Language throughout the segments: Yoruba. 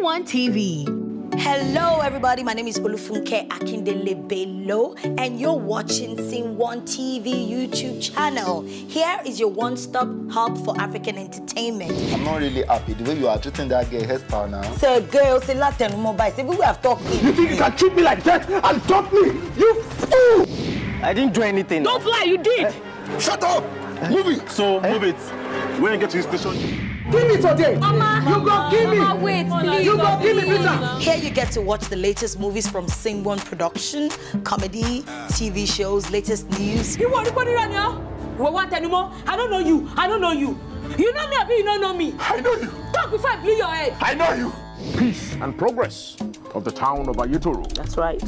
One TV. Hello, everybody. My name is Olufunke Akindele Bello, and you're watching Sing One TV YouTube channel. Here is your one-stop hub for African entertainment. I'm not really happy the way you are treating that girl hairstyle now. Sir, girl, say Latin mobile. Say we have talked. You think you can treat me like that and talk me? You fool! I didn't do anything. Don't lie, you did. Uh, Shut up! Uh, move it. So eh? move it. When you get to the station. Give me today. Mama, you go give me. Mama, wait, please. You go give me, Peter. Here you get to watch the latest movies from Sing One Production, comedy, TV shows, latest news. You want to put it on now? We want anymore? I don't know you. I don't know you. You know me, Abi. You don't know me. I know you. Talk before I blew your head. I know you. Peace and progress of the town of Ayutoro. That's right.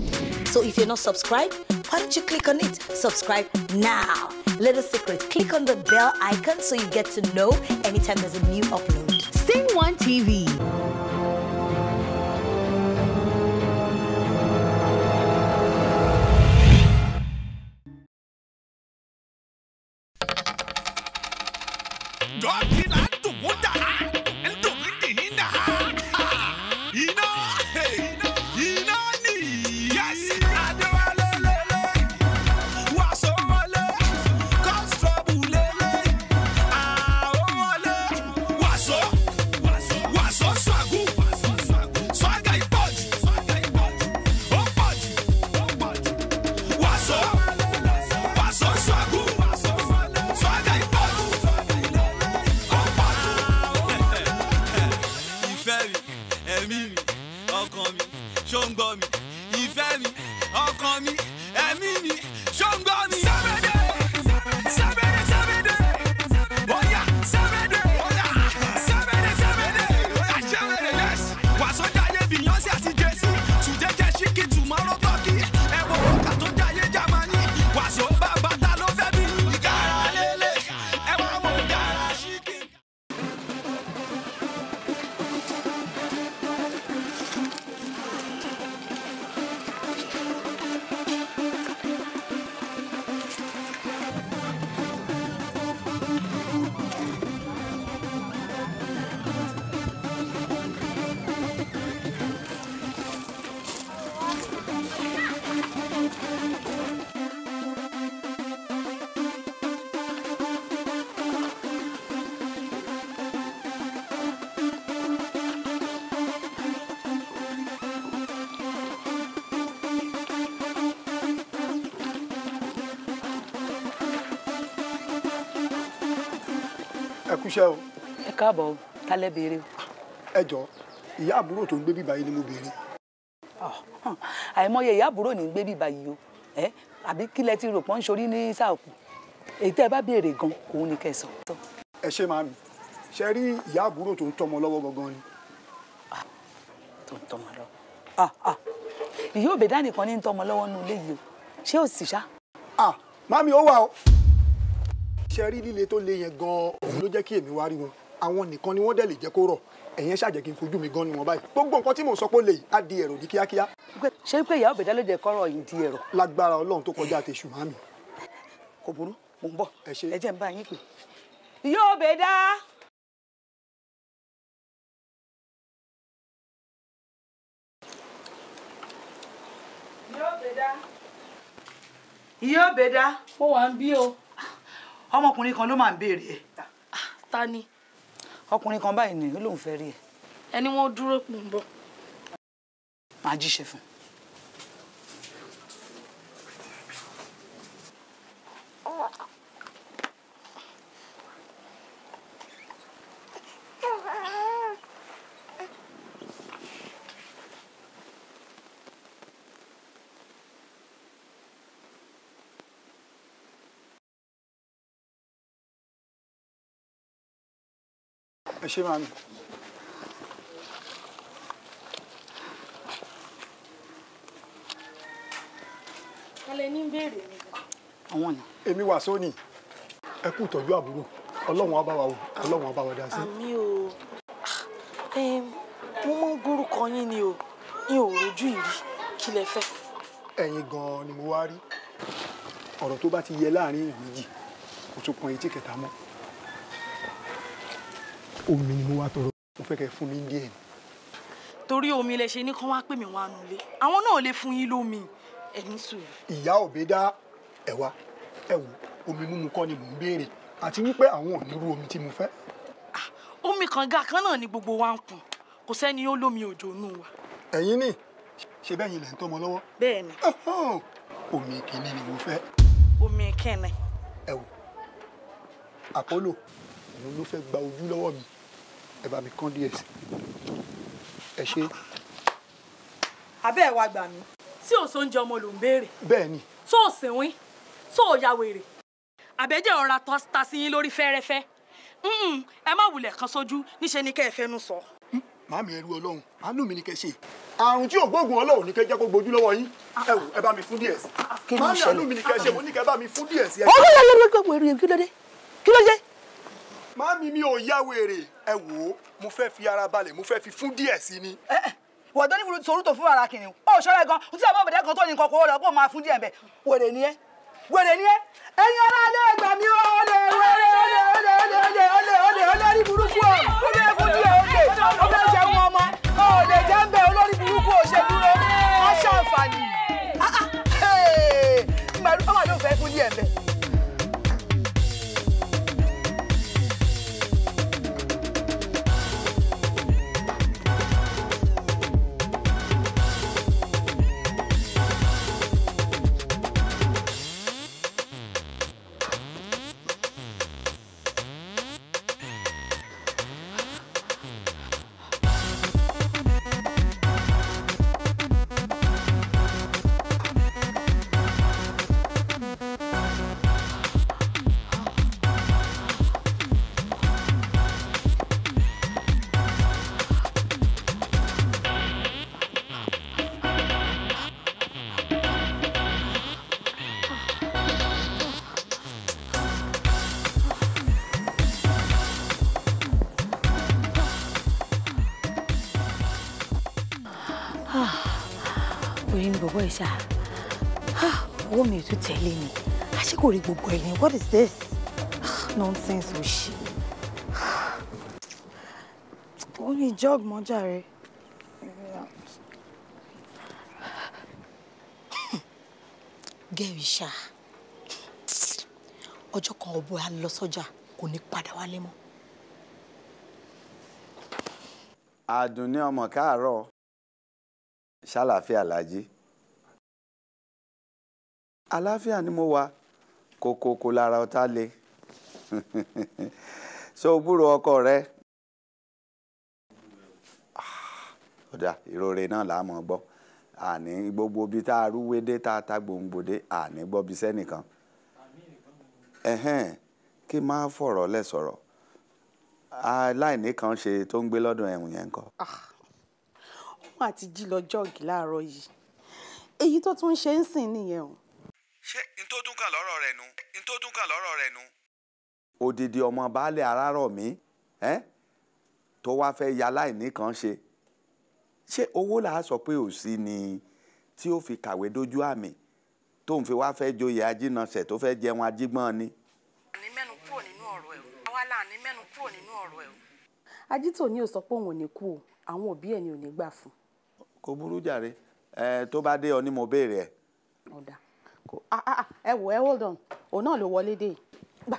So if you're not subscribed, why don't you click on it? Subscribe now. Little secret, click on the bell icon so you get to know anytime there's a new upload. Sing One TV. kúṣẹ́ o. ẹ káàbọ̀ o tálẹ̀ béèrè o. ẹ jọ ìyá àbúrò tó ń gbé bíbá yìí ni mo béèrè. Ah, àìmọye ìyá àbúrò ní gbé bíbá yìí o ẹ àbí kí lẹ ti rò pọ́n sórí ní sáàkù èyí tẹ́ ẹ bá béèrè gan òun ni kẹ́ ẹ sọ. ẹ ṣe máa mi ṣe rí ìyá àbúrò tó ń tọmọ lọ́wọ́ gangan ni. Ah, tó ń tọmọ lọ́wọ́ ah, ìyá òbẹ̀dá nìkan ní ń tọmọ lọ́wọ́ nínú ilé o ṣé ò sì ṣá. mami ó wà o ṣe rí líle tó le yẹn gan-an òun ló jẹ́ kí èmi wá rí wọn àwọn nìkan ni wọ́n dẹ̀ lè jẹ́ kó rọ̀ ẹ̀yẹn ṣàjẹ́ kí n fojú mi gan ni wọ́n báyìí gbogbo nǹkan tí mò ń sọ pé ó lè yìí á di ẹ̀rọ di kíákíá. ṣé pé ìyá ọ̀bẹ̀dá ló jẹ́ kọ́rọ̀ yìí di ẹ̀rọ. lágbára ọlọ́run tó kọjá àti ṣùgbọ́n mi. kò burú mò ń bọ̀ ẹ jẹ́ ń bá yín pè. ìyá ọ̀bẹ̀dá. ìyá ọ̀bẹ̀dá. ìyá ọ̀bẹ̀dá. mo wà ń bí o ọmọkùnrin kan ló máa ń béèrè ẹ. ta ni. ọkùnrin kan báyìí ni ó lóun fẹ́ rí ẹ. ẹni wọn dúró pò ń bọ̀. màá jíṣẹ́ fún un. ẹ ṣe máa mi. kálẹ̀ ní béèrè mi. àwọn yẹn. èmi wà sóní ẹ kú ìtọ́jú àbúrò ọlọ́run á bá wa wò ọlọ́run á bá wa dá sí. àmì o mo mọ gbórúkọ yín ni o ní òrojú ìrí kí lẹ fẹ́. ẹ̀yin gan-an ni mo wá rí ọ̀rọ̀ tó bá ti yẹ láàrin ìlú méjì kò tún kan etí kẹta mọ́ omi ni mo wá tọrọ mo fẹ́ kẹ́ fún mi díẹ̀ ni. torí omi lẹ ṣe ní kán wá pè mí wá nulẹ̀ àwọn náà lè fún yín lómi ẹ̀mí sùúrù. ìyá òbí dá ẹ̀wà ẹ wò omi mímu kọ́ ni mò ń béèrè àti wípé àwọn ò ní irú omi tí mo fẹ́. Ah, omi kànga kan náà ni gbogbo wa ń kùn kò sẹ́ni ó lómi òjò nù wa. ẹ̀yin ni ṣe bẹ́ẹ̀ yín lẹ̀ ń tọ́mọ lọ́wọ́. bẹ́ẹ̀ ni. omi kìíní ni mo fẹ́. omi kẹ́ni. ẹ àpọ́lò òun ló fẹ́ gba ojú lọ́wọ́ mi ẹ bá mi kán díẹ̀ sí ẹ ṣe. abẹ́ ẹ̀ wá gbà mí tí ò sóúnjẹ ọmọ ló ń béèrè. bẹ́ẹ̀ ni. tó o sèwín tó o ya wèrè àbẹ́jẹ́ ọ̀ra ta sí yín lórí fẹ́rẹ́fẹ́ ẹ má wulẹ̀ kan sójú níṣẹ́ ni kẹ́ ẹ fẹ́nu sọ. Mm, màámi ẹrú ọlọ́run àánú mi ni kẹ́ ṣe àrùn tí ògbóògùn ọlọ́run ní kẹ́ jẹ́ kó gbojú lọ́wọ́ yín ẹ wò ẹ bá mi fún díẹ̀ sí. màámi àánú mi ni kẹ́ ṣe mo ní kẹ́ bá mi fún díẹ̀ sí. ọlọ́run ló gbàgbọ́ èrè kí ló dé kí ló dé màámi mi ò yá wèrè ẹ wò ó mo fẹ́ fi ara balẹ̀ mo fẹ́ fi fún díẹ̀ sí ni. wọ́n tó ní sorú tó fún ara kìnìún ó ṣọ́ra gan o ti sọ bọ́ọ̀bẹ̀dẹ́ kan tó ní kọ̀ọ̀kọ̀ rẹ̀ kó máa fún díẹ̀ bẹ̀ wèrè ni ẹ́ wèrè ni ẹ́ ẹ̀yin ará ilé ẹgbà mi ó lè wèrè ó lè ó lè ó lè ó lè ó lè ó lè olórí burúkú ọ̀ ó lè fún díẹ̀ ó lè ó fẹ́ jẹun ọmọ ó lè jẹ́ ń bẹ̀ olórí burúkú ò ṣe dúró ó ṣàǹfààní. màdùn fẹ́ fún díẹ̀ bẹ̀ tó tẹ̀lé I should go rí gbogbo ẹ̀yìn what is this nonsense ò Only jog, ní jọ́ọ̀gì mọ́jà rẹ̀. gẹ̀rìṣà ọjọ́ kan ọ̀bọ á lọ sọ́jà kò ní padà wálé mọ́. àdùnní ọmọ káàárọ̀ ṣàlàfíà àlàáfíà ni mo wà kòkòkò lára ọ̀tá le so gbúrò ọkọ rẹ ọ̀dà ah, ìrore náà là á mọ̀ gbọ́ àní gbogbo bíi tá a rúwé dé tá a ta gbòǹgbòdé àní gbọ́ bíi sẹ́nìkan ẹ̀hẹ́n kí máa fọ̀rọ̀ lẹ̀ sọ̀rọ̀ aláìní kan ṣe tó ń gbé lọ́dọ̀ ẹ̀wùn yẹn kọ́. òun ah, àti jí lọ jọ́ọ̀gì láàárọ̀ yìí èyí tó tún ṣe ń sìn nìyẹn o ṣé n tó tún kàn lọ́rọ̀ rẹ̀ nu n tó tún kàn lọ́rọ̀ rẹ̀ nu. odidi ọmọ baálé arárọ̀ mi tó wáá fẹ́ ya láìní kan ṣe ṣé owó là á sọ pé ò sí ni tí ó fi kàwé dójú àmì tó ń fi wá fẹ́ joyè ajínasẹ̀ tó fẹ́ jẹun ajígbọ́n ni. àní mẹ́nu kúrò nínú ọ̀rọ̀ ẹ̀ o àwa là ní mẹ́nu kúrò nínú ọ̀rọ̀ ẹ̀ o. ajito ni ò sọ pé òun ò ní kú o àwọn òbí ẹ̀ ni ò ní gbà fún. kò burú jàre ẹ tó bá dé ọ ni mo béèrè ẹ. ọ̀dà. Ah, ah, ah, ẹ wò ẹ hold on òun náà ló wọlé dé gbà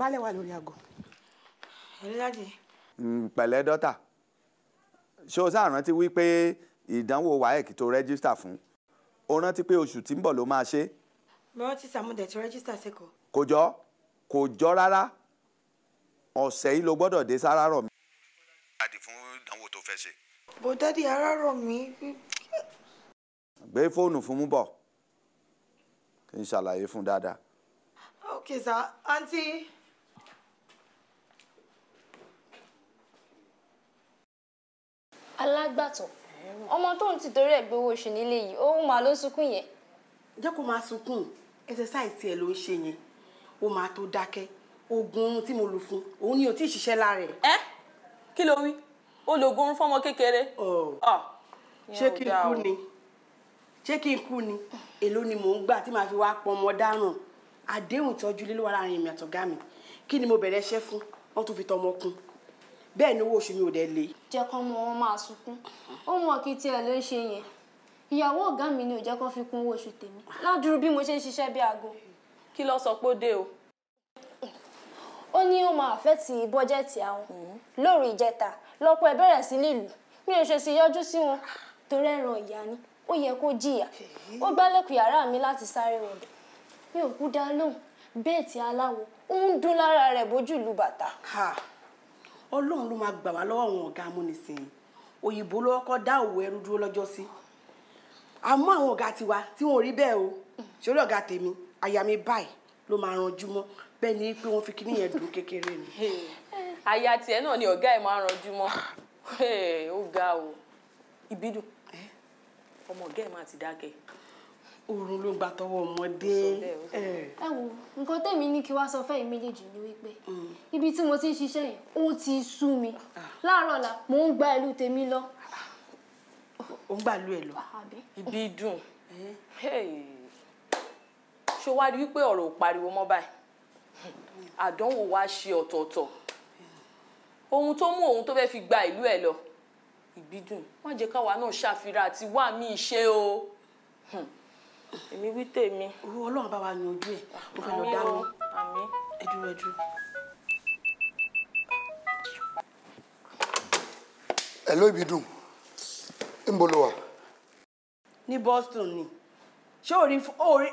balẹ̀ wà lórí aago. ẹ̀rẹ́dájì. Mm, pẹ̀lẹ́ dọ́tà ṣé o sáà rántí wípé ìdánwò waec tó rẹ́gísítà fún o rántí pé oṣù tí ń bọ̀ ló máa ṣe. mo rántí sàmúdẹ̀ tó rẹ́gísítà sẹ́kọ̀ọ́. kò jọ kò jọ rárá ọ̀sẹ̀ yìí ló gbọ́dọ̀ dé sára rọ̀ mí. jáde fún ìdánwò tó fẹ́ ṣe. bò ara rọ̀ mí. gbé fóònù fún mú bọ̀ kí n ṣàlàyé fún dáadáa. ok sir aunty. alágbàtọ́ ọmọ tóun ti torí ẹ̀ gbowó oṣù nílé yìí òun máa ló sunkún yẹn. jẹ́ kó máa sunkún exercise tiẹ̀ ló ń ṣe yẹn ó máa tó dákẹ́ oògùn oorun tí mo lò fún òun ni ò tí ì ṣiṣẹ́ lára ẹ̀. ẹ kí ló wí o lo oògùn oorun fọmọ kékeré. ṣé kí n kú ni ṣé kí n kú ni èló ni mò ń gbà tí màá fi wá pọn ọmọ dáràn àdéhùn tọ́jú lé lọ́wọ́ láàrin èmi àtọ̀gá mi kí ni mo bẹ̀rẹ̀ iṣẹ́ fún wọ́n tún fi tọmọ kún bẹ́ẹ̀ ni owó oṣù mi ò dẹ̀ le. jẹ́ kán mọ wọn máa sunkún ohun ọ̀kì tiẹ̀ ló ń ṣe yẹn ìyàwó ọ̀gá mi ni ò jẹ́ kán fi kún owó oṣù tèmi ládùúrú bí mo ṣe ń ṣiṣẹ́ bí aago. kí ló sọ pé ó dé o. ó ní ó máa fẹ́ ti bọ́jẹ́ẹ̀tì àwọn lórí ìjẹta lọ́pọ̀ ẹ̀ bẹ̀rẹ̀ sí nílùú mi ò ṣe sì yọjú sí wọn torí ẹ̀ràn ìyá ni ó yẹ kó jìyà ó gbálẹ̀kùn yàrá mi láti sáré wọlé mi ò kú dá lóhùn bẹ́ẹ̀ tí aláwo ó ń dún lára rẹ̀ bójú lu bàtà. ọlọ́run ló máa gbà wá lọ́wọ́ àwọn ọ̀gá amúnisìn òyìnbó ló kọ́ dá òwò ẹrú dúró lọ́jọ́ sí àmọ́ àwọn ọ̀gá tiwa tí wọn rí bẹ́ẹ̀ o sórí ọ̀gá tèmi àyà mi báyìí ló máa ranjú mọ́ bẹ́ẹ̀ ni pé wọ́n fi kíní yẹn dùn kékeré ni. àyà tiẹ̀ náà ni ọ̀gá ẹ̀ máa ranjú mọ́ ó ga o ìbídùn ọmọ ọ̀gá ẹ̀ máa ti dákẹ́. oorun ló gba tọwọ́ ọmọdé. ẹ wo nǹkan tèmi ní kí wá sọ fẹ́ méjèèjì ni wípé mm. ibi tí mo ti ń ṣiṣẹ́ yẹn ó ti sú mi ah. láàárọ̀ la mò ń gba ìlú tèmi lọ. ó ń gbàlú ẹ lọ ah, ibi dùn ṣó wá rí wípé ọ̀rọ̀ ò pariwo mọ́ báyìí àdánwò wa ṣe ọ̀tọ̀ọ̀tọ̀ ohun tó mú òun tó fẹ́ fi gba ìlú ẹ̀ lọ ìbídùn má jẹ́ káwa náà ṣàfihàn àti wá mi ìṣe o hmm. èmi wí tèmi. owó ọlọ́run bá wa ní ojú ẹ̀ mo fẹ́ lọ dáná ẹ dúró ẹ dúró. ẹ ló ìbídùn ń bolo wa. ní Boston ni ṣé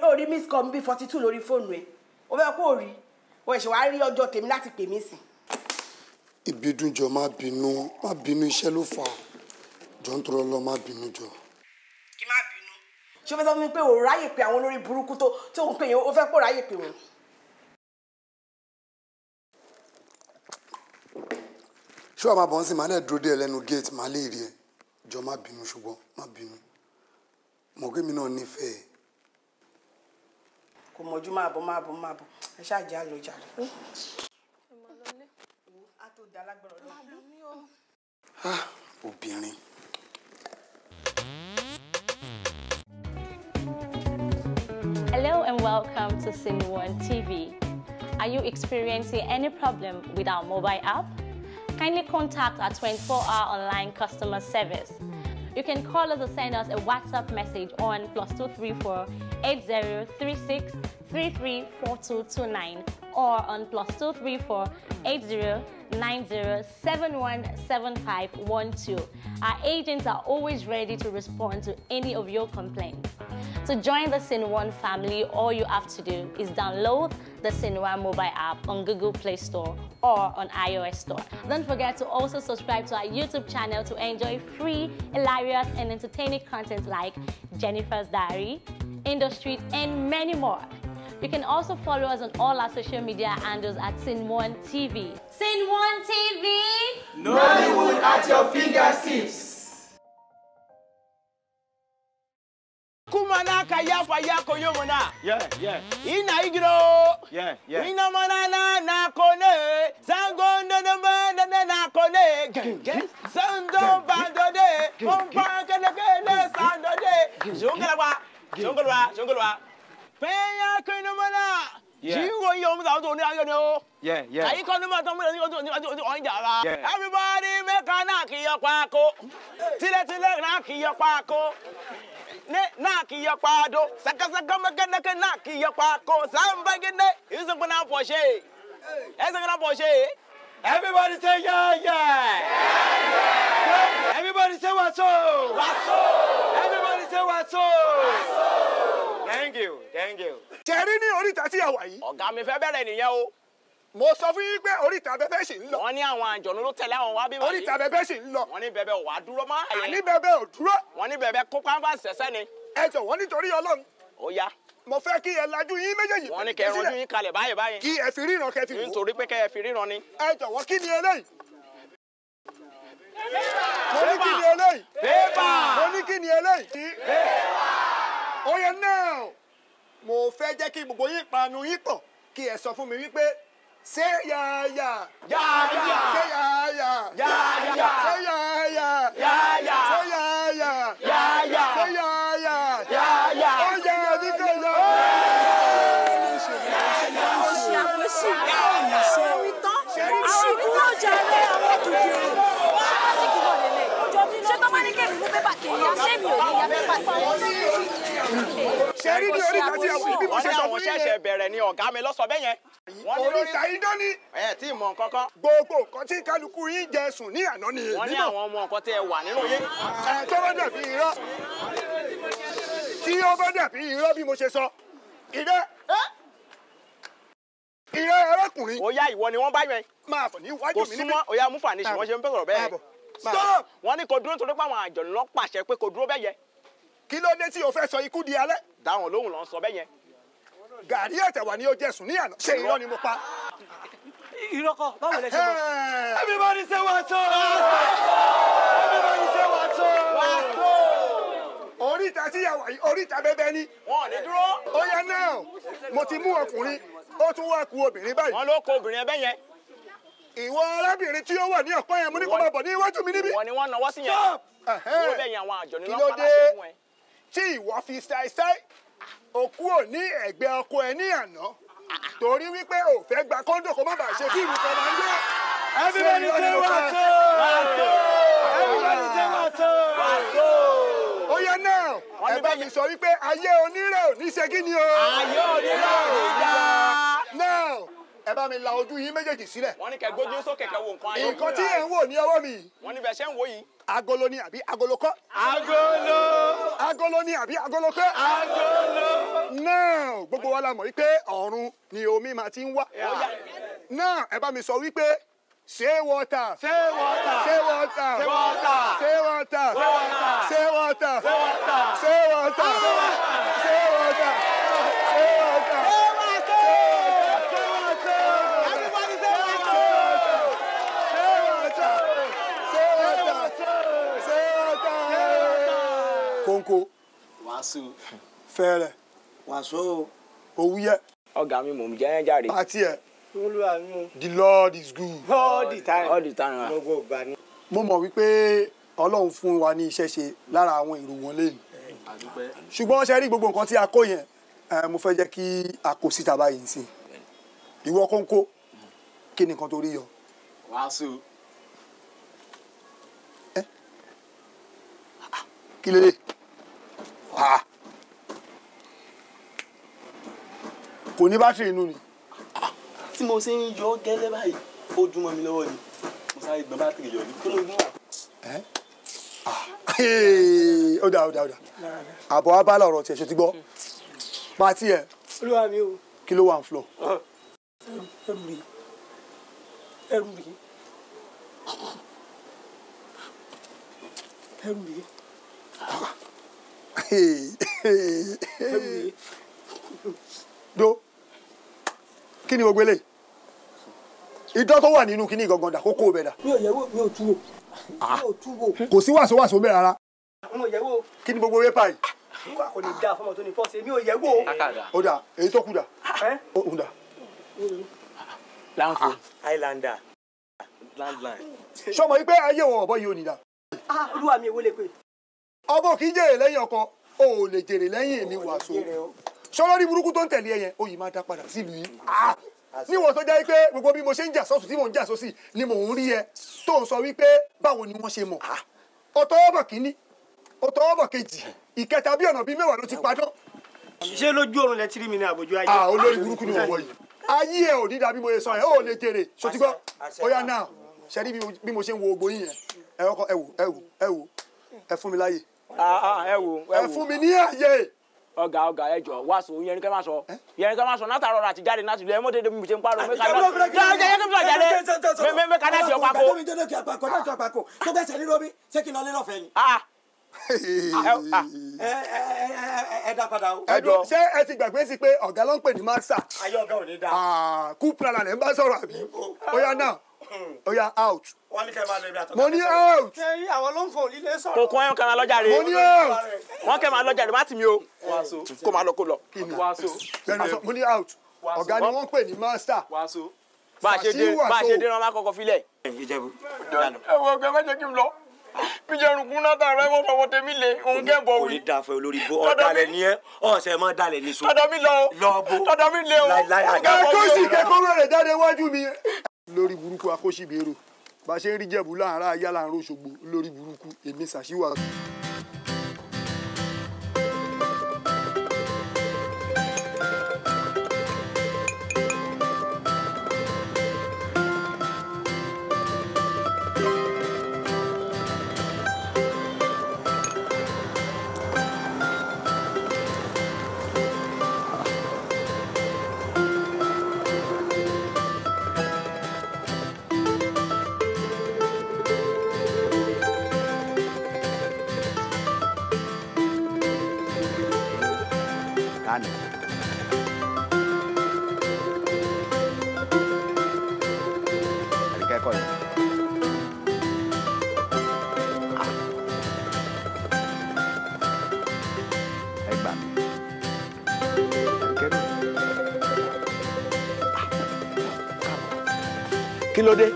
o rí miss com bíi forty two lórí fóònù ẹ o fẹ́ kó o rí o ẹ̀ṣẹ̀ wàá rí ọjọ́ tèmi láti pè mí sí. ìbídùn jọ má bínú má bínú iṣẹ́ ló fà á jọ ń tọrọ lọ má bínú jọ. kí má bínú. ṣé o fẹ́ sọ fún mi pé o ráyè pé àwọn olórí burúkú tó tó ń pè yín o fẹ́ pò ráyè pé wọn. ṣé wàá máa bọ̀ ń sìn máa dẹ̀ dúró dé ẹ lẹ́nu gate máa lè rí ẹ jọ má bínú ṣùgbọ́n má bínú mọ̀ pé mi náà nífẹ̀ẹ́ kò mọ̀jú máa bọ̀ máa bọ̀ máa bọ̀ ẹ ṣáàjì àlọ́ jàre. Ah, obìnrin and welcome to Cine One TV. Are you experiencing any problem with our mobile app? Kindly contact our 24-hour online customer service. You can call us or send us a WhatsApp message on plus 234 8036 334229 or on plus 234 8090717512. Our agents are always ready to respond to any of your complaints. To join the Sinwan family, all you have to do is download the Sinwan mobile app on Google Play Store or on iOS Store. Don't forget to also subscribe to our YouTube channel to enjoy free, hilarious, and entertaining content like Jennifer's Diary, Industry, and many more. You can also follow us on all our social media handles at Sinwan TV. Sinwan TV! Nollywood at your fingertips! kuma na ka yafa ya yeah. mana ina yeah. ina mana na na kone zango na na na na na kone zando bando de pompa kele kele sando de jungalwa jungalwa jungalwa peya koyo mana 지우고 이 오면 나도 오늘 안 가네요. 예, 예. 아이 거는만 동물 아니 어디 어디 어디 어디 알아. Everybody make a knock your quacko. 찔레 찔레 knock your quacko ne na ki ya pa do saka saka maka na ka na ki ya pa ko sam ba ge ne izo ko na po she e zo na po she everybody say yeah yeah, yeah, yeah. Say, everybody say waso waso everybody say waso waso thank you thank you ṣe rí ní oríta tí a wà yìí. ọ̀gá mi fẹ́ bẹ̀rẹ̀ nìyẹn o mo sọ fún yín pé oríta bẹbẹ sì ń lọ. wọ́n ní àwọn àjọ̀nú ló tẹ̀lé àwọn wá bí wọ́n oríta bẹbẹ sì ń lọ. wọ́n ní bẹbẹ ò wá dúró mọ́ àyè. àní bẹbẹ ò dúró. wọ́n ní bẹbẹ kó pàmpá sẹ́sẹ́ ni. ẹ jọ̀wọ́ nítorí Ọlọ́run. ó yá. mo fẹ́ kí ẹ lajú yín méjèèjì. wọ́n ní kẹ́ ẹ yín kalẹ̀ báyìí báyìí. kí ẹ fi ríran kẹ́ fi wò. nítorí pé kẹ́ ẹ fi ríran ni. ẹ jọ̀wọ́ kí ni eléyìí. mo ní kí ni eléyìí. mo ní kí ni eléyìí. Say yeah yeah. Yeah yeah. Say yeah yeah. Yeah yeah. Say yeah yeah. Yeah yeah. Say yeah yeah. Yeah yeah. Say yeah yeah. Yeah yeah. Oh yeah, we go yeah. Ṣé rí tán? Àwọn ìwúlò jẹ́ ẹ̀rẹ́ àwọn òkùnkùn. fún pépà tèmi àṣẹ mi ò ní ya pépà tèmi. ṣe rí ní oríta tí àwọn ibi mo ṣe sọ fún yín. wọ́n ní àwọn ṣẹ̀ṣẹ̀ bẹ̀rẹ̀ ni ọ̀gá mi lọ́sọ̀ bẹ́ẹ̀ yẹn. oríta idán ni. ẹ tí mọ nǹkan gbogbo nǹkan tí kálukú yín jẹ sùn ní àná ni wọ́n ní àwọn ọmọ nǹkan tí wà nínú yé. ẹ tó bá dàbí irọ́ tí ó bá dàbí irọ́ bí mo ṣe sọ ìrẹ́ ìrẹ́ arákùnrin. ó yá ìwọ ni wọ́n bá yẹn. máa fọ̀ ní iwájú mi níbi. kò súnmọ́ ó yá mú fàníṣì ṣe ń bẹ̀rọ̀ bẹ́ẹ̀ stop. wọ́n ní kò dúró torí pé àwọn àjọ lọ pàṣẹ pé kò dúró bẹ́ẹ̀ yẹ. kí ló dé tí o fẹ́ sọ ikú di alẹ́. dáhùn lóhùn ló ń sọ bẹ́ẹ̀ yẹn. gàrí ẹ̀tẹ̀wà ni ó jẹ̀sùn ní àná ṣé irọ́ ni mo pa. ìrọ́kọ̀ báwo lẹ ṣe mọ̀. everybody say wàásù. everybody say wàásù. wàásù. oríta tíyàwó yìí oríta bẹ́bẹ́ ni. wọn ò ní dúró. ó yẹ náà mo ti mú ọkùnrin ó tún wá ku obìnrin báyìí. wọn ló kó obìnrin ìwọ arábìnrin tí ó wà ní ọ̀pá yẹn mo ní kó máa bọ̀ ní iwájú mi níbí. ìwọ ni wọ́n náwó sí yẹn wọ́n bẹ̀ yẹn àwọn tí ìwọ fi ṣáìṣáì òkú ò ní ẹ̀gbẹ́ ọkọ ẹ ní àná torí wípé ò fẹ́ gba kọ́ńdò kó má bàa ṣe kí ìlú kan máa ń gbé. everybody say wàásù everybody say wàásù wàásù. ó yẹ náà ẹ bá mi sọ wípé ayé onírè ò ní ṣe kí ni o. ayé onírè ò ní dáa. now ẹ bá mi la ojú yín méjèèjì sílẹ̀. wọ́n ní kẹ́ gbójú sókè kẹ́ wo nǹkan ayé. nǹkan tí ẹ̀ ń wò ní ọwọ́ mi yìí. wọ́n ní bẹ́ẹ̀ ṣe ń wò yìí. agolo ni àbí agolo kọ́. agolo. agolo ni àbí agolo kọ́. agolo. náà gbogbo wa la mọ̀ wípé ọ̀run ni omi máa ti ń wá. náà ẹ bá mi sọ wípé Say water. Say water. Say water. Say water. Say water. Say water. Say water. Say water. kónkó wàásù fẹrẹ wàásù òwúyẹ. ọ̀gá mi mò ń jẹ́ yẹn jáde. àti ẹ̀ the lord is good. all the time all the time. Ah. gbogbo ìgbà ni. mo mọ̀ wípé ọlọ́run fún wa ní iṣẹ́ ṣe lára àwọn èrò wọn lẹ́nu. ṣùgbọ́n ṣe rí gbogbo nǹkan tí a kó yẹn mo fẹ́ jẹ́ kí a kó síta báyìí sí i ìwọ kónkó kí ni nǹkan tó rí yọ. wàásù. Ah, kí lélẹ̀ kò ní bátìrì inú ni. tí mo ṣe ń yọ gẹ́lẹ́ báyìí ó dúnmọ́ mi lọ́wọ́ ni mo sáré gbọ́n bátìrì yọ ní kí ló dún wà. Ah, ó dáa ó dáa ó dáa àbọ̀ wa bá lọ̀rọ̀ tiẹ̀ ṣe ti gbọ́ máa tiẹ̀ olúwa kí ló wà ń flọ. ẹrù ah. do kí ni gbogbo eléyìí idán tó wà nínú kíní gangan dà kókó bẹ̀ dà. mi ò yẹ̀wò mi ò tú wò. Ah. kò sí wàásù wàásù bẹ́ẹ̀ rárá. n ò yẹ̀wò. kí ni gbogbo wépa yìí. kò ní da fọmọ tó ní fọ́ọ̀sì mi ò yẹ̀wò. ó dà èyí tó kù dà. ó kù dà. lanfo highlander ah, landline. sọmọ yìí pé ayé wọn ọ̀bọ yìí ò ní dà. Ah, olúwa mi èwo lè ọbọ kì í jèrè lẹ́yìn ọkọ o ò lè jèrè lẹ́yìn èmi wàásù sọlọ́rí burúkú tó ń tẹ̀lé ẹyẹ ó yìí máa dá padà sílùú yìí ah! níwọ̀n tó jẹ́ pé gbogbo bí mo ṣe ń jà sọ́sù tí mò ń jà sọ́sì ni mò ń rí ẹ tó ń sọ wípé báwo ni wọ́n ṣe mọ̀ ah! ọ̀tọ̀ ọ̀bọ̀ kìíní ọ̀tọ̀ ọ̀bọ̀ kejì ìkẹta bí ọ̀nà bíi mẹ́wàá ló ti padán. ṣé lójú oorun lẹ tírí mi ní àbójú ayé. àwọn ah, olórí burúkú ni wọ́n wọ yìí ayé ẹ ò ní dàbí mo ṣe sọ ẹ ò lè jèrè sotigbọ́ ọ̀yà náà ṣẹ́rí bí mo ṣe ń wo ògbóyin yẹn ẹ wò ẹ wò ẹ fún mi láyè Ah, ah, ah, ẹ wo ẹ wo ẹ fún mi ní àyè. ọ̀gá ọ̀gá ẹ jọ wá sọ yẹn ní ká má sọ yẹn ní ká má sọ náà tààrọ àti jáde náà tìlú ẹ mọ dédé mi ṣe ń pariwo mẹka náà jáde yẹn kí n sọ jáde mẹka náà ti ọ pako. ọ̀gá tó mi jẹ́ lókè àpapọ̀ náà ti ọ pako tó tẹ̀sẹ̀ ní romi ṣé kí n lọ lé lọ́fẹ̀ẹ́ ni ẹ dá padà o. ẹ dùn ṣé ẹ ti gbàgbé sí pé ọ̀gá ló ń pè ní maxa. ayé ọ̀gá ò ní dá. kú plana lè ń bá sọ̀rọ̀ àbí. ó yá náà ó oh, yá out. wọ́n ní kẹ́ máa lọ ibi àtọ́ka. mo ní out. ṣé yí àwọn ló ń fò líle sọ̀rọ̀. kò kún ẹ̀yọ́ kan máa lọ́jà rè. mo ní out. wọ́n kẹ́ máa lọ́jà rè má tì mí o. kó máa lọ kó lọ. wàásù. mo ní out. ọ̀gá ni wọ́n pè ní master. wàásù. bá a ṣe dé bá a ṣe dé rànlá kọkọ filẹ̀. ẹ̀wọ̀n ọ̀gá má jẹ́ kí n lọ bíjẹrunkun látara ẹwọ fọwọ tẹmí lé òun kẹ bọ wí. orí dàfẹ olórí bo ọ̀dàlẹ̀ ni ẹ ọsẹ mọ dalẹ ní so. tọ̀dọ̀ mi lọ o tọ̀dọ̀ mi lé o. kẹkọọsì kẹkọọrọ rẹ jáde wájú mi lórí burúkú akóṣìbérò bá a ṣe ń rí jẹ̀bú láàárọ̀ ayá láàárọ̀ òṣogbo lórí burúkú èmi ṣàṣìwà. ló dé.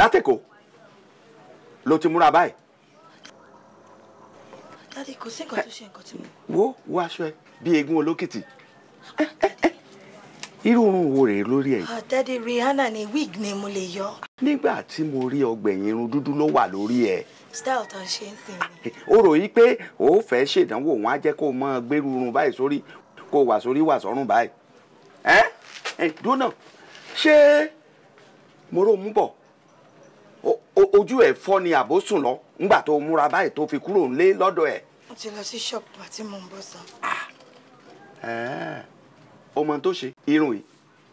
látẹ̀kọ̀ ló ti múra báyìí. dáadé kò sí nǹkan tó ṣe nǹkan tí mo. wo wo aṣọ ẹ bíi eégún olókìtì. irú irun wo rèé lórí ẹ. Ah, rihanna ni wig ni mo lè yọ. nígbà tí mo rí ọgbẹ̀yìn irun dúdú ló wà lórí ẹ. style tó ṣe ń o rò yí pé o fẹ́ ṣèdánwò wọn á jẹ́ kó mọ gbẹ́rù irun báyìí sórí kó o wà sórí wà sọ́run báyìí. ẹ ẹ dúnà ṣé ni àbó sùn lọ ńgbà tó múra báyìí tó fi kúrò lọ́dọ̀ ẹ̀. mo lọ sí ṣọ́ọ̀pù àti mò ń bọ̀ sàn. Ah, ọmọ tó ṣe irun yìí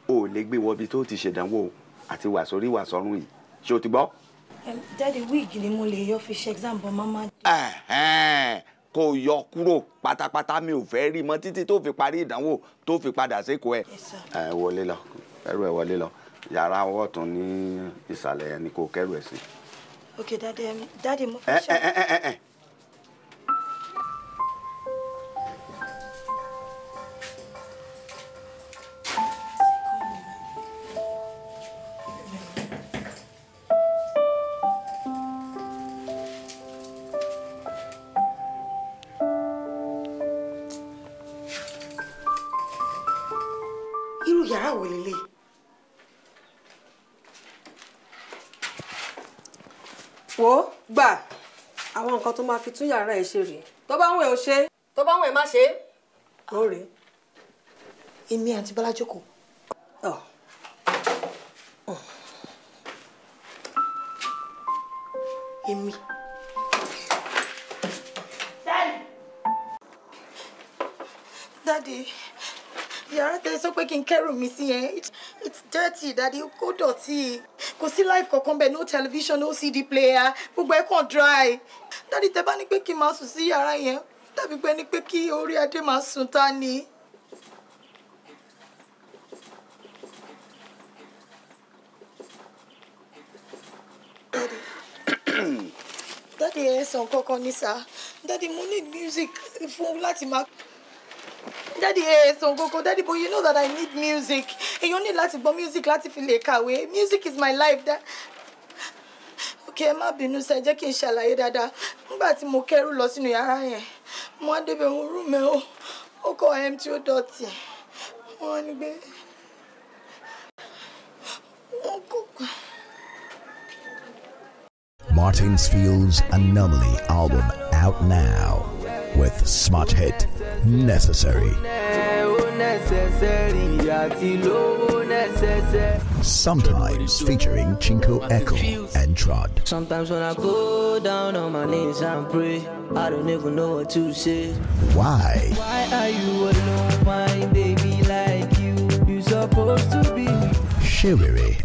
o ò lè gbé wọbi tó ti ṣèdánwò àti wà sórí wà sọ́run yìí ṣé o ti gbọ́. dáàdi wíìgì ni mo lè yọ fi ṣe exam bọ mama. kò yọ kúrò pátápátá mi ò fẹ́ rí mọ títí tó fi parí ìdánwò tó fi padà sékòó ẹ̀. ẹ wọlé lọ ẹrù ẹ wọlé lọ yàrá ọwọ́ tún ní ìsàlẹ̀ ẹni kò kẹ́rù ẹ̀ sí. ok dáàdi um, mo fẹ́ ṣe. wo gbà àwọn nǹkan tó máa fi tún yàrá ẹ ṣe rèé tó bá wọn ẹ ò ṣe. tó bá wọn ẹ má ṣe. ó rèé. èmi àti bọ́lá jókòó. èmi. dáàdi yàrá tẹ sọ pé kí n kẹrù mi sí yẹn it's dirty dáàdi kó dọ̀tí kò sí live kankan bẹ́ẹ̀ no television no cd player gbogbo ẹ̀ kàn dry dáàdi tẹ bá ní pé kí n máa sùn sí yàrá yẹn tàbí pé ní pé kí orí adé máa sùn ta ni. dáàdi ẹ sọ nǹkan kan sá dáàdi mo need music fún láti máa. dáàdi ẹ sọ nǹkan kan dáàdi but you know that i need music. èèyàn only láti gbọ́ music láti fi lè kàwé music is my life dá òkè ẹ má bínú sẹ jẹ́ kí n ṣàlàyé dáadáa nígbà tí mo kẹ́rù lọ sínú yàrá yẹn mo á débẹ̀ mo rú mẹ́ o ó kọ empty ó dọ̀tí wọ́n ní gbé wọ́n kó pa. Martinsfield's Anomaly album out now with smart hit Necessary. Sometimes featuring Chinko Echo and Trod. Sometimes when I go down on my knees and pray, I don't even know what to say. Why? Why are you alone, my baby, like you? You supposed to be. Shiriri.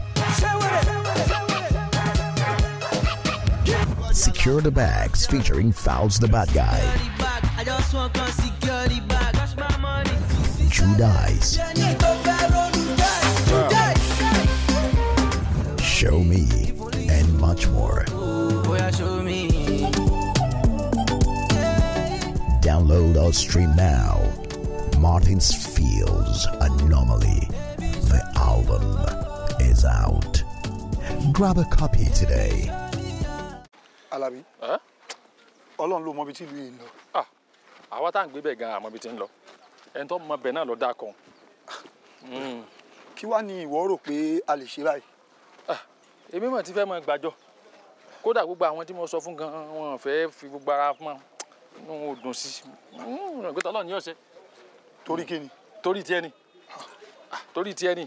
Secure the bags featuring Fouls the Bad Guy. Who dies. Show me and much more. Download or stream now. Martin's Fields Anomaly. The album is out. Grab a copy today. Alabi. Huh? ló mọ ibi tí ìlú yìí ń lọ. Ah, àwa tá ń gbé bẹ̀ gan-an àmọ́ lọ. ẹni tó mọ bẹ́ẹ̀ náà lọ dáa kan. kí wàá ní ìwọ rò pé a lè ṣe báyìí. Ah, èmi mọ̀ ti fẹ́ mọ gbàjọ kódà gbogbo àwọn tí mo sọ fún gan-an wọn fẹ́ fi gbogbo ara mọ́ inú wọn ò dùn sí i ìgbésẹ̀ ọlọ́run ní ọ̀sẹ̀. torí kí ni. torí tiẹ̀ ni ah, torí tiẹ̀ ni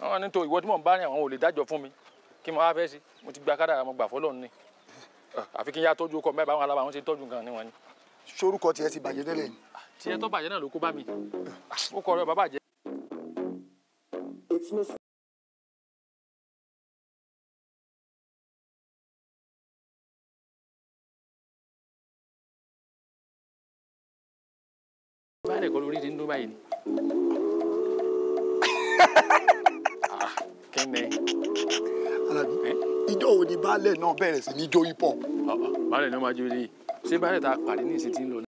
ah, wọn ní to ìwọ tí mò ń bá rìn àwọn ò lè dájọ́ fún mi kí n máa fẹ́ sí mo ti gba kádàrà mo gbà fọlọ́run ni àfi kí n yá tọ́jú ọkọ mẹ́bàá àwọn alábàá wọn tọ́jú gan ni wọn ni. sorúkọ tiẹ̀ ti bàjẹ́ tẹ́lẹ̀ ni tiẹ̀ tó bàjẹ́ náà ló kó bá mi ó kọ ọ̀rẹ́ bàbá jẹ́. báyìí kọ́ lórí ti ń dún báyìí ni. kẹ́ni. Àlàbí ìjọ òní baálẹ̀ náà bẹ̀rẹ̀ sí ní jó hip hop. baálẹ̀ náà máa jó rí ṣé baálẹ̀ tá a pàdé ní ìsìn tí ń lọ.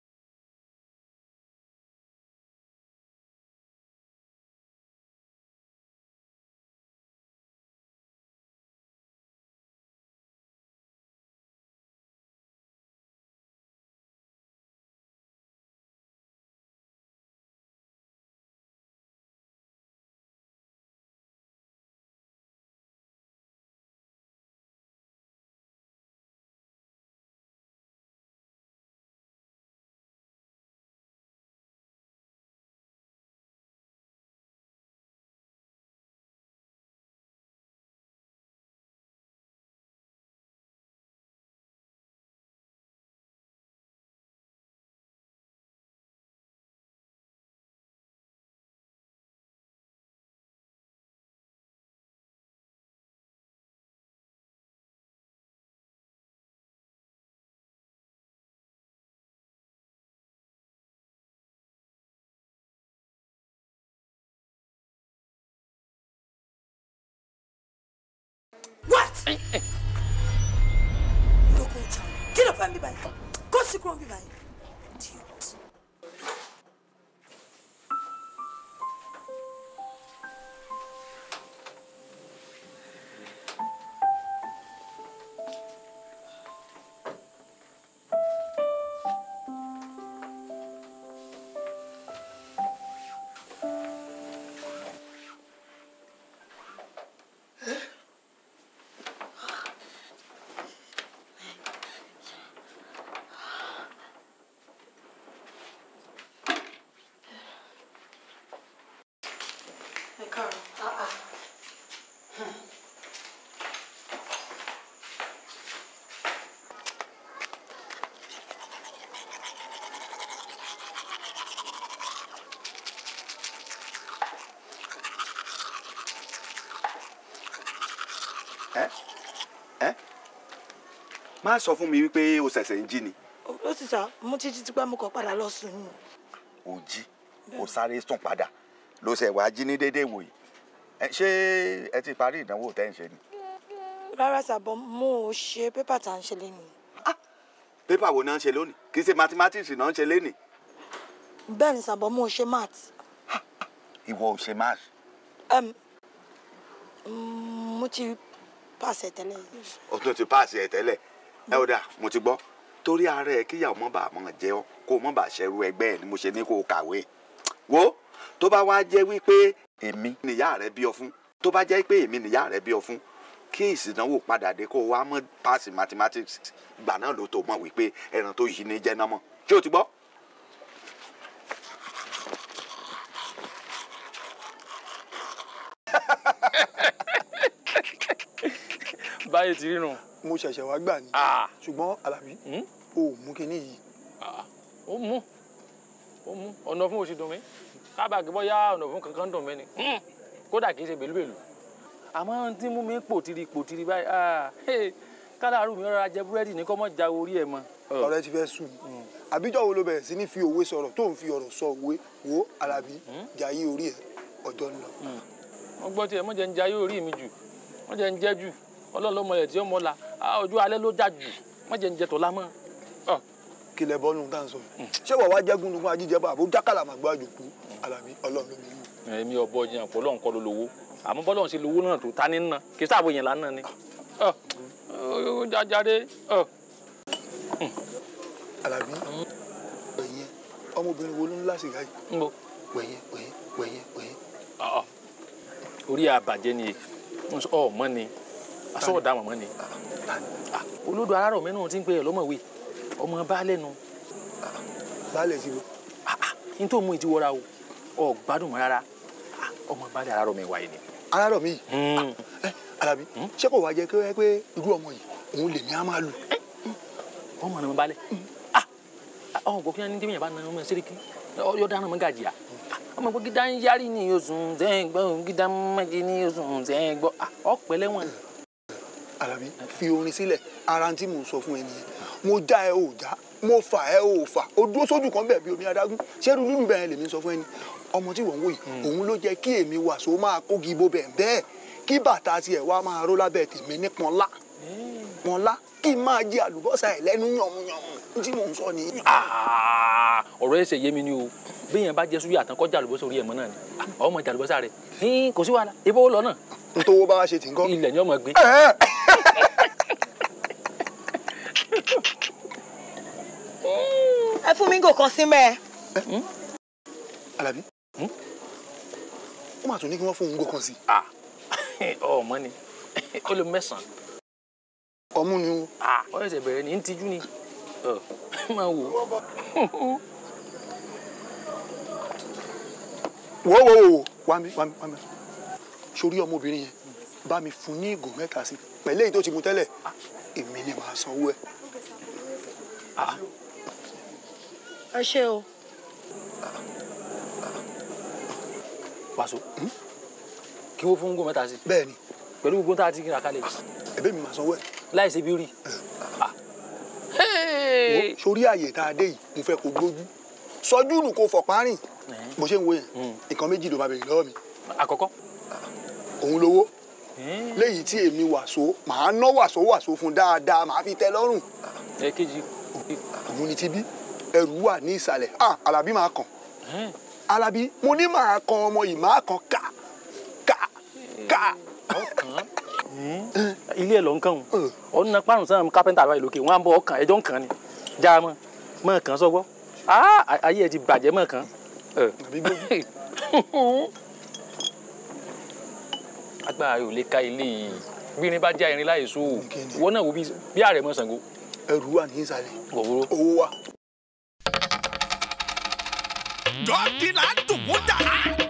lokho uthando kilo phambi bayi kosikho mbi bayi má sọ fún mi wípé o ṣẹ̀ṣẹ̀ ń jí ni. ó sì sà mú títí tí pé mo kàn padà lọ sùn ni. ò jí ò sáré sùn padà ló ṣe wàá jí ní déédéé wòyí ṣé ẹ ti parí ìdánwò tẹ́ ń ṣe ni. rárá sàbọ̀ mo ò ṣe pépà tá à ń ṣe lónìí. Ah! pépà wo náà ń ṣe lónìí kì í ṣe mathematics náà ń ṣe lónìí. bẹ́ẹ̀ ni sàbọ̀ mo ò ṣe math. Ah! ìwọ ò ṣe math. Mm, mo ti pàṣẹ tẹ́lẹ̀. o tún ti pàṣẹ tẹ́lẹ̀ ẹ ò dà mo ti gbọ́ torí ara ẹ kíyàwó mọ́ bàá mọ́ jẹ́ ọ kó mọ́ bàá ṣẹrú ẹgbẹ́ ẹ ni mo ṣe ní kó o kàwé wo tó bá wá jẹ́ wípé èmi nìyá rẹ bí ọ fún tó bá jẹ́ pé èmi nìyá rẹ bí ọ fún kí ìsìnàwó padà dé kó o wá mọ́ páàsì mathematics gbà náà ló tó mọ̀ wípé ẹran tó yí ni jẹ́ náà mọ̀ ṣé o ti gbọ́. báyìí ti rírun. mo ṣẹ̀ṣẹ̀ wá gbà ni ah. ṣùgbọ́n alábí hmm? o ò mú kinní yìí. Ah, ó mú ó mú ọ̀nà fún oṣù dùn mí kábàá kí bọ́yá ọ̀nà fún kankan dùn mí ni hmm. kódà kì í ṣe bèlúbèlú àmọ́ tí mú mi pòtiri pòtiri báyìí ah, kádàárù mi rọra jẹ búrẹ́dì ní kọ́ mọ́ ja orí ẹ̀ mọ́. Oh. ọ̀rẹ́ ti fẹ́ sùn hmm. àbíjọ́ wo ló bẹ̀rẹ̀ sí ní fi òwe sọ̀rọ̀ tó ń fi ọ̀rọ̀ sọ òwe wo alábí jayé orí ẹ̀ ọjọ́ ńlọ. wọ́n gbọ́ tiẹ̀ mọ́jẹ́ ń jayé orí mi jù mọ́jẹ́ ń jẹ́ jù ọlọ́lọ́mọlẹ̀ tí ó mọ́ la ojú alẹ́ ló já jù mọ́jẹ̀ ń jẹ tọ́lá mọ́. kílẹ̀ bọ́ọ̀lù tá à ń sọ yìí ṣé wàá wá jẹ́gun nínú ajíjẹ bá àbó jákàlà máa gbọ́ àjòkú alábí ọlọ́run ló ní ìlú. èmi ọbọ jiyàn pọ̀ lọ́n kọ́ ló lówó àmọ́ bọ́lọ́run ṣe lówó náà tó ta ní ná kí sáàbò yẹn lánàá ni. jàjàre. alábí hmm. wẹ̀yẹ ọmọbìnrin wo ló ń láṣìíra yìí wẹ̀yẹ wẹ̀yẹ wẹ̀yẹ wẹ̀yẹ. orí àbàjẹ́ ni ọmọ ni aṣọ ọ̀dà mọ̀mọ́ ni olódò arárọ̀ mẹ́nu ti ń pè é lọ́mọ̀wé ọmọ baálẹ̀ nu. baálẹ̀ ti wo. n tó mú ìdí wọra o ọ gbádùn mọ́ rárá ah, ọmọ baálẹ̀ arárọ̀ mi wáyé ni. arárọ̀ mi yìí Àlàbí hmm. eh, hmm? ṣé kò wá jẹ́ pé irú ọmọ yìí òun lèmi á máa lù. Eh, hmm. ọmọ náà mo baálẹ̀ ọmọ gbọ́ kí wọ́n ní débìyàn bá náà ọmọ sẹ́ríkì ọyọ́ dáná mọ́ gàjìyà ah, ọmọ gbọ́ gíga ń yarí ní oṣù zẹ́ẹ̀gbọ́ gíga mọ́jì ní oṣù zẹ́ẹ̀gbọ́ ọ̀pẹ̀lẹ́wọ̀n ni. Àlàbí fi orin sílẹ̀ ara tí mò ń sọ fún ẹ nìyẹn mo já ẹ ò já mo fà ẹ ò fà ó dúró sójú kan bẹ́ẹ̀ bí omi adágún ṣẹ́rú lúlù bẹ́ẹ̀ lèmi sọ fún ẹ ní ọmọ tí wọ́n ń wò yìí hmm. òun ló jẹ́ kí èmi wà só máa kógi ibo bẹ̀ bẹ́ẹ̀ kí bàtà tiẹ̀ wá máa ró lábẹ́ tèmi ní pọ́nlá hmm. pọ́nlá kí n máa jẹ àlùbọ́sà ẹ̀ lẹ́nu yànmùyànmù tí mò ń sọ nìyí. Ah, ọ̀rọ̀ ẹ̀ṣẹ̀ yé mi ni o bí yẹn bá jẹ súyà tán kọjá àlùbọ́sà orí ẹ̀mọ́ náà ni ah, ọmọ jàlùbọ́sà rẹ̀ ní kò sí wàhálà ibo lọ náà. n bá wa ṣe tì ń kọ́. ilẹ̀ ni ọmọ gbé. Eh, eh. fún mi ń gò kan sí mẹ́ ẹ. Eh? Àlàbí hmm? hmm? ó mà tún ní kí wọ́n fún òun gò kan sí. ọmọ ah. oh, ni ó lè mẹ́sàn-án. ọmú ni o. ó ah, yẹ bẹ̀rẹ̀ ní tijú ni oh, máa wò. wo wo wo wá mi wá mi wá mi sórí ọmọbìnrin yẹn bá mi fún ní ìgò mẹ́ta sí pẹ̀lú tó ti mu tẹ́lẹ̀ ah. èmi ni màá sanwó ẹ̀ ẹ ṣe o. wàásù hmm? kí wọ́n fún gómìnà tà sí. bẹ́ẹ̀ni. pẹ̀lú gbogbo tá a ti rà kalẹ̀. ẹ̀bẹ̀ mi máa sanwó ẹ̀. láì ṣe bí rí. Ah. sórí àyè tá a dé yìí mo fẹ́ kó gbójú sọjú nù kó fọ̀pá rìn bó ṣe ń wo yẹn hmm. nǹkan méjì ló máa bèrè lọ́wọ́ mi. àkọ́kọ́. Ah, òun lówó hmm. léyìí tí èmi wàsó màá ná wàsó wàsó fún dáadáa màá fi tẹ́ lọ́rùn. èkejì. òun ni ti bí ẹrù wà ní ìsàlẹ̀ ah alábí máa kàn alábí mo ní màá kan ọmọ yìí màá kan ká ká ká. Hmm. ilé ẹ lọ ń kàn wọn ọdún náà pàrọ̀ sáà kápẹ́ntà báyìí lókè wọn á bọ ọkàn ẹjọ́ ń kàn ni já mọ́ mọ́ kàn sọ́gbọ́ ah, ayé ẹ ti bàjẹ́ mọ́ kàn. Eh. agbára yóò lè ka ilé yìí bírin bá já irin láì sóò wọn náà wo bí ààrẹ mọ Ṣàngó. ẹrù wà ní ìsàlẹ̀ owó wa. 脚底板都不打。